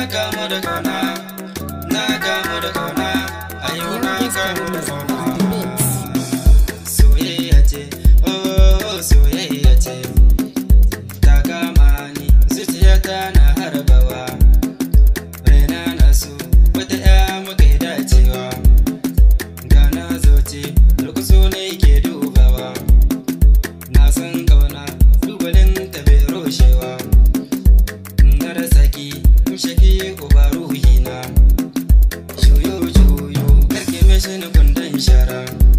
na da kauna na da kauna a yau na da kauna soyayya ce oh, oh soyayya ce ta gama ni zuciyata Zara.